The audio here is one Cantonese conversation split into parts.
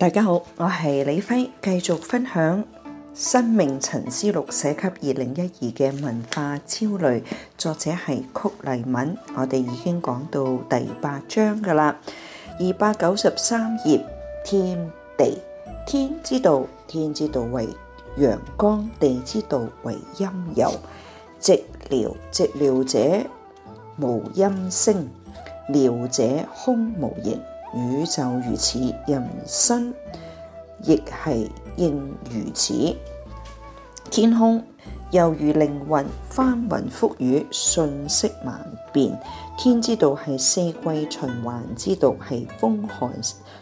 大家好，我係李輝，繼續分享《生命沉思錄》寫給二零一二嘅文化焦慮，作者係曲黎敏。我哋已經講到第八章噶啦，二百九十三頁，天地，天之道，天之道為陽剛，地之道為陰柔，寂寥，寂寥者無音聲，寥者空無形。宇宙如此，人生亦係應如此。天空猶如靈魂翻雲覆雨，瞬息萬變。天之道係四季循環之道，係風寒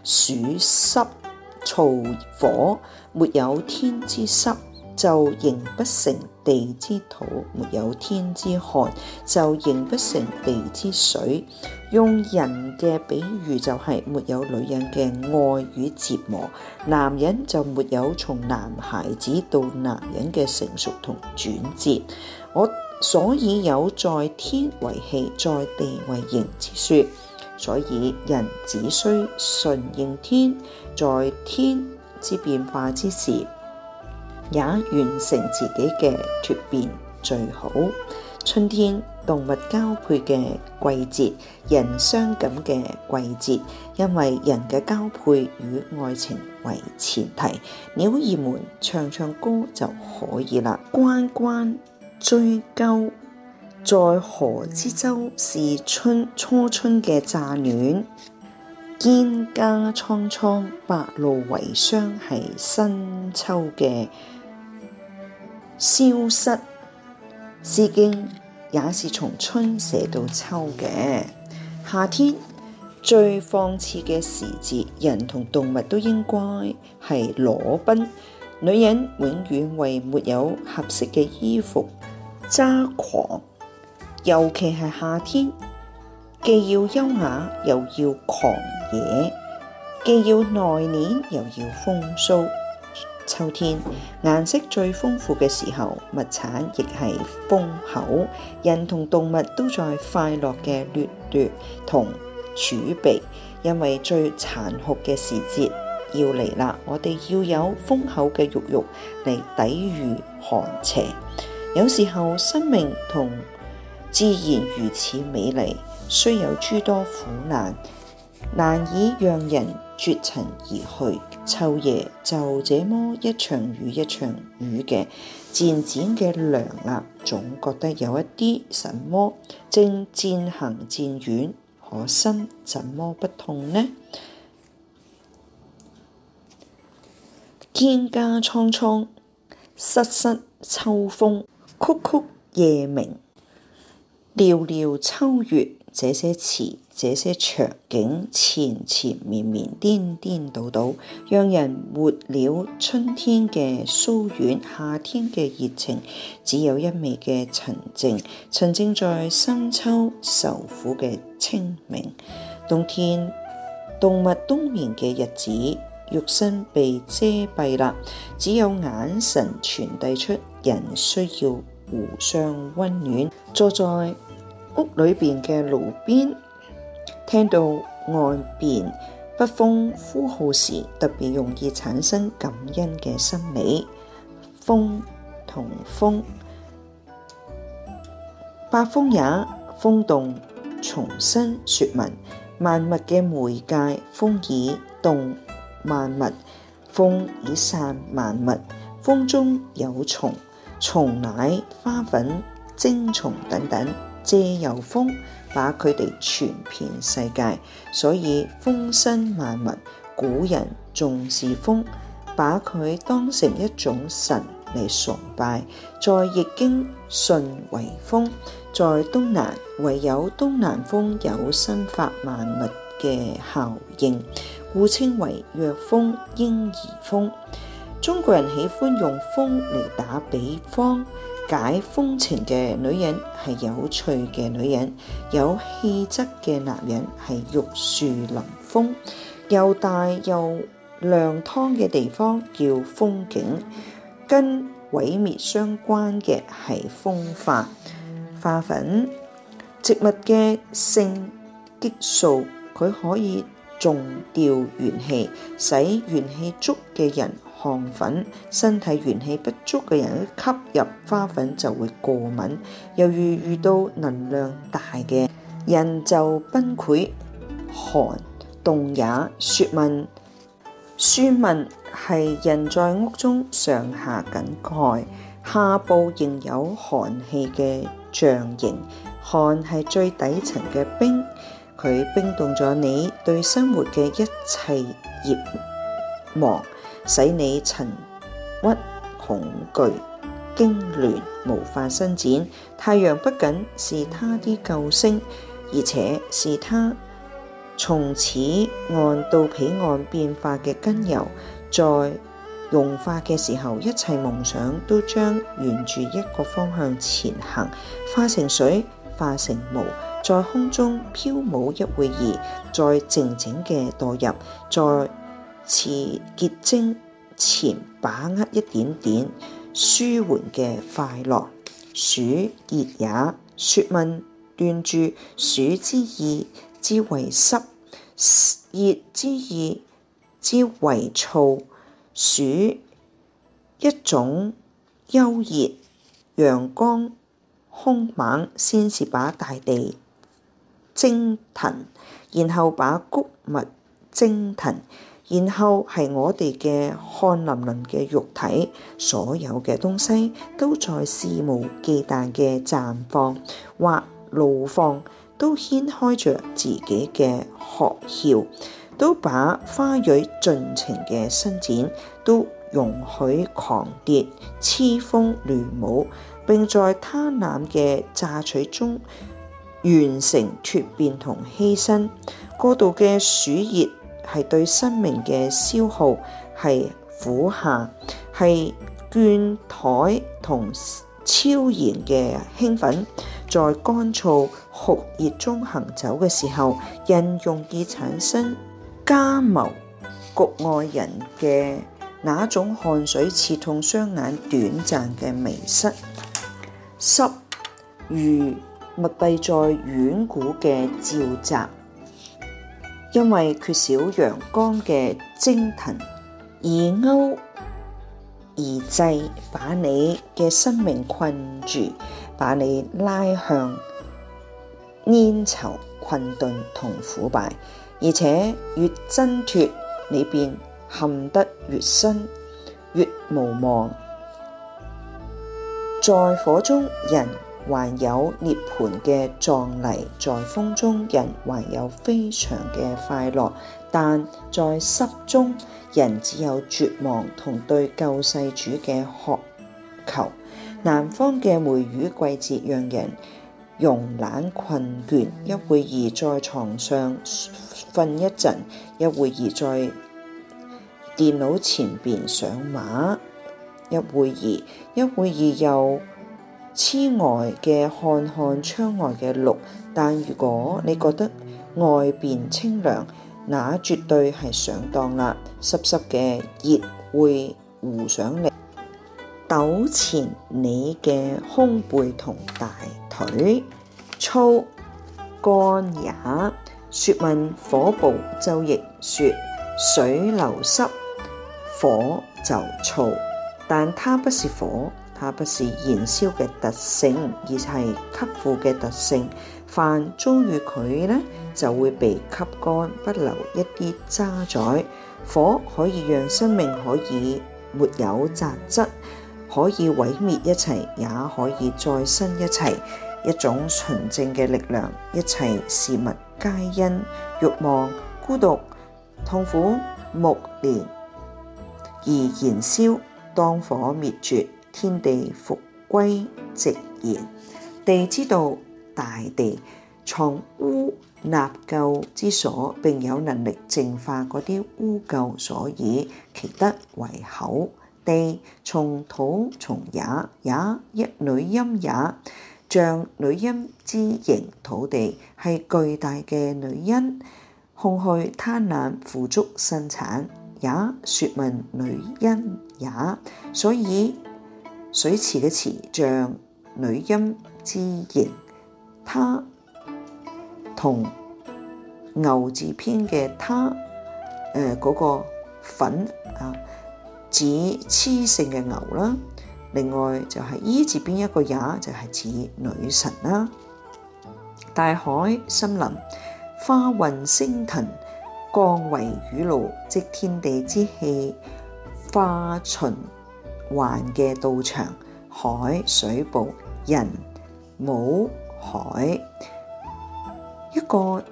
暑濕燥火。沒有天之濕，就形不成地之土；沒有天之寒，就形不成地之水。用人嘅比喻就係沒有女人嘅愛與折磨，男人就沒有從男孩子到男人嘅成熟同轉折。我所以有在天為氣，在地為形之說，所以人只需順應天，在天之變化之時，也完成自己嘅蛻變最好。春天。動物交配嘅季節，人傷感嘅季節，因為人嘅交配與愛情為前提，鳥兒們唱唱歌就可以啦。關關雎鳩，在河之洲，是春初春嘅乍暖；蒹葭蒼蒼，白露為霜，係新秋嘅蕭瑟。《詩經》也是從春寫到秋嘅，夏天最放肆嘅時節，人同動物都應該係裸奔。女人永遠為沒有合適嘅衣服揸狂，尤其係夏天，既要優雅又要狂野，既要內斂又要風騷。秋天顏色最豐富嘅時候，物產亦係豐厚，人同動物都在快樂嘅掠奪同儲備，因為最殘酷嘅時節要嚟啦。我哋要有豐厚嘅肉肉嚟抵御寒邪。有時候生命同自然如此美麗，雖有諸多苦難，難以讓人。絕塵而去，秋夜就這麼一場雨一場雨嘅漸漸嘅涼啦，總覺得有一啲什麼正漸行漸遠，可心怎麼不痛呢？蒹葭蒼蒼，瑟瑟秋風，曲曲夜鳴，寥寥秋月，這些詞。這些場景纏纏綿綿，顛顛倒倒，讓人沒了春天嘅疏遠，夏天嘅熱情，只有一味嘅沉靜。沉靜在深秋受苦嘅清明，冬天動物冬眠嘅日子，肉身被遮蔽啦，只有眼神傳遞出人需要互相温暖。坐在屋裏邊嘅路邊。聽到外邊北風呼號時，特別容易產生感恩嘅心理。風同風，八風也，風動，重新説明：萬物嘅媒介，風以動萬物，風以散，萬物，風已散萬物，風中有蟲，蟲乃花粉、精蟲等等，借由風。把佢哋傳遍世界，所以風生萬物。古人重視風，把佢當成一種神嚟崇拜。在易經，巽為風；在東南，唯有東南風有生發萬物嘅效應，故稱為弱風、嬰兒風。中國人喜歡用風嚟打比方，解風情嘅女人係有趣嘅女人，有氣質嘅男人係玉樹臨風，又大又亮湯嘅地方叫風景，跟毀滅相關嘅係風化，花粉植物嘅性激素，佢可以中調元氣，使元氣足嘅人。寒粉，身體元氣不足嘅人吸入花粉就會過敏。由於遇到能量大嘅人就崩潰。寒凍也，說文。說文係人在屋中上下緊蓋，下部仍有寒氣嘅象形。寒係最底層嘅冰，佢冰凍咗你對生活嘅一切熱望。使你沉鬱、恐懼、痙攣，無法伸展。太陽不僅是他的救星，而且是他從此岸到彼岸變化嘅根由。在融化嘅時候，一切夢想都將沿住一個方向前行，化成水，化成霧，在空中飄舞一會兒，再靜靜嘅墮入，在持結晶前，把握一點點舒緩嘅快樂。暑熱也説問段注暑之意之為濕，熱之意之為燥。暑一種優熱，陽光凶猛，先是把大地蒸騰，然後把穀物蒸騰。然後係我哋嘅汗淋淋嘅肉體，所有嘅東西都在肆無忌憚嘅綻放或怒放，都掀開著自己嘅學曉，都把花蕊盡情嘅伸展，都容許狂蝶、痴蜂亂舞，並在貪婪嘅榨取中完成蛻變同犧牲。過度嘅暑熱。係對生命嘅消耗，係苦夏，係倦怠同超然嘅興奮，在乾燥酷熱中行走嘅時候，人容易產生加繆局外人嘅那種汗水刺痛雙眼、短暫嘅迷失，濕如密閉在遠古嘅沼澤。因為缺少陽光嘅蒸騰，而勾而制，把你嘅生命困住，把你拉向粘稠、困頓同腐敗，而且越掙脫面，你便陷得越深，越無望。在火中人。還有涅槃嘅壯麗，在風中人，還有非常嘅快樂，但在濕中人只有絕望同對救世主嘅渴求。南方嘅梅雨季節，讓人慵懶困倦，一會兒在床上瞓一陣，一會兒在電腦前邊上畫，一會兒，一會兒又。痴呆嘅看看窗外嘅綠，但如果你覺得外邊清涼，那絕對係上當啦！濕濕嘅熱會糊上嚟，糾纏你嘅胸背同大腿燥乾也。說問火部周易說水流濕火就燥，但它不是火。它不是燃燒嘅特性，而係吸附嘅特性。凡遭遇佢呢，就會被吸乾，不留一啲渣滓。火可以讓生命可以沒有雜質，可以毀滅一切，也可以再生一切。一種純正嘅力量，一切事物皆因慾望、孤獨、痛苦、木年而燃燒，當火滅絕。天地復歸直言地之道，大地藏污納垢之所，並有能力淨化嗰啲污垢，所以其德為厚。地從土從也，也一女陰也，像女陰之形。土地係巨大嘅女陰，空虛他難富足生產，也説明女陰也，所以。水池嘅池像女陰之形，她同牛字邊嘅她誒，嗰、呃那個粉啊指雌性嘅牛啦，、啊。另外就係伊字邊一個也，就係、是、指女神啦，、啊。大海、森林、化雲升騰，降為雨露，即天地之氣，化循。環嘅道場，海水部人舞海，一個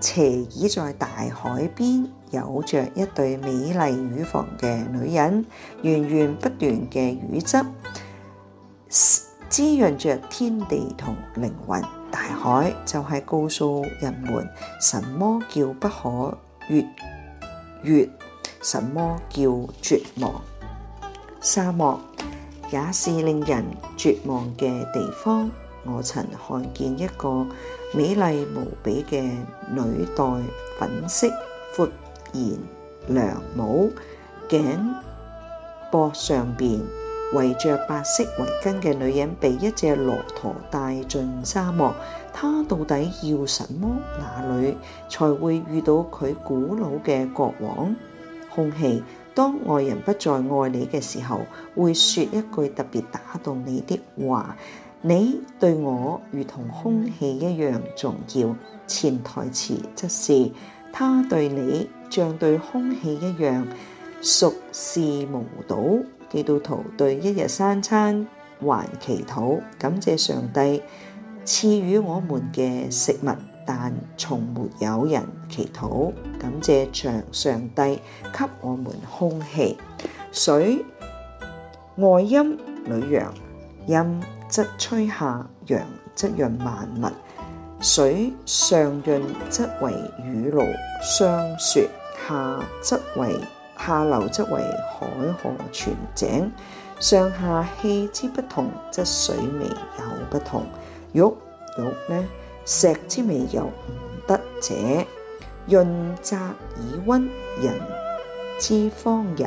斜倚在大海邊，有着一對美麗乳房嘅女人，源源不斷嘅乳汁滋潤着天地同靈魂。大海就係告訴人們，什麼叫不可逾越，什麼叫絕望。沙漠也是令人絕望嘅地方。我曾看見一個美麗無比嘅女代粉，粉色闊然涼帽，頸膊上邊圍着白色圍巾嘅女人，被一隻駱駝帶進沙漠。她到底要什麼？哪裡才會遇到佢古老嘅國王？空氣。當外人不再愛你嘅時候，會說一句特別打動你的話：你對我如同空氣一樣重要。潛台詞則是：他對你像對空氣一樣熟視無睹。基督徒對一日三餐還祈禱，感謝上帝賜予我們嘅食物。但從沒有人祈禱，感謝上上帝給我們空氣、水。外陰裏陽，陰則吹下，陽則潤萬物。水上潤則為雨露霜雪，下則為下流則為海河泉井。上下氣之不同，則水味有不同。玉玉呢？石之美有五德者，潤澤以溫，仁之方也；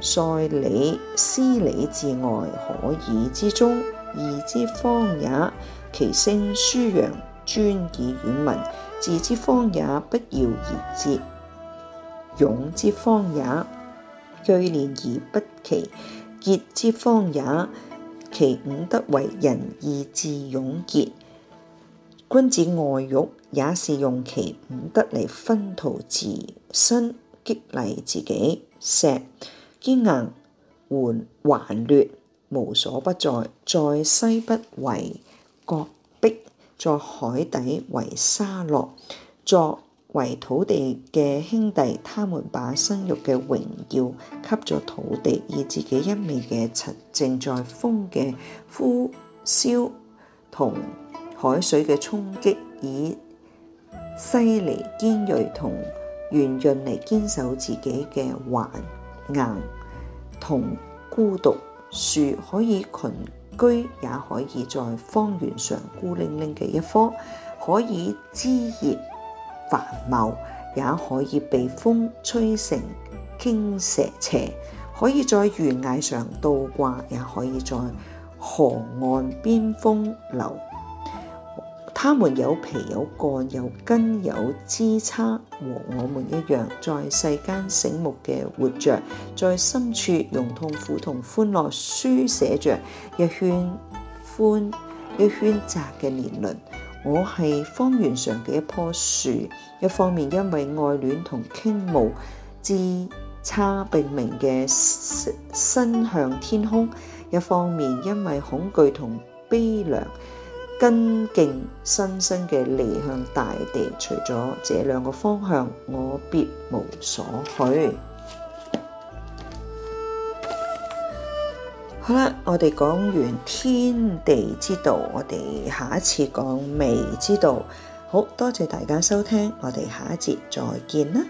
塞理斯理自外，可以之中義之方也。其聲舒揚，專以遠聞，智之方也；不要而折，勇之方也；聚斂而不其，潔之方也。其五德為仁義智勇潔。君子愛玉也是用其五德嚟分途自身，激勵自己。石堅硬，緩頑劣，無所不在。在西北為戈壁，在海底為沙落。作為土地嘅兄弟，他們把生育嘅榮耀給咗土地，以自己一味嘅沉靜在風嘅呼嘯同。海水嘅衝擊，以犀利堅鋭同圓潤嚟堅守自己嘅環硬同孤獨。樹可以群居，也可以在荒原上孤零零嘅一棵；可以枝葉繁茂，也可以被風吹成傾斜斜；可以在懸崖上倒掛，也可以在河岸邊風流。他們有皮有幹有根有枝叉，和我們一樣，在世間醒目嘅活着，在深處用痛苦同歡樂書寫着一圈寬一圈窄嘅年輪。我係方圓上嘅一棵樹，一方面因為愛戀同傾慕枝叉并明嘅伸向天空，一方面因為恐懼同悲涼。根莖深深嘅離向大地，除咗這兩個方向，我別無所去。 好啦，我哋講完天地之道，我哋下一次講未知道。好多謝大家收聽，我哋下一節再見啦。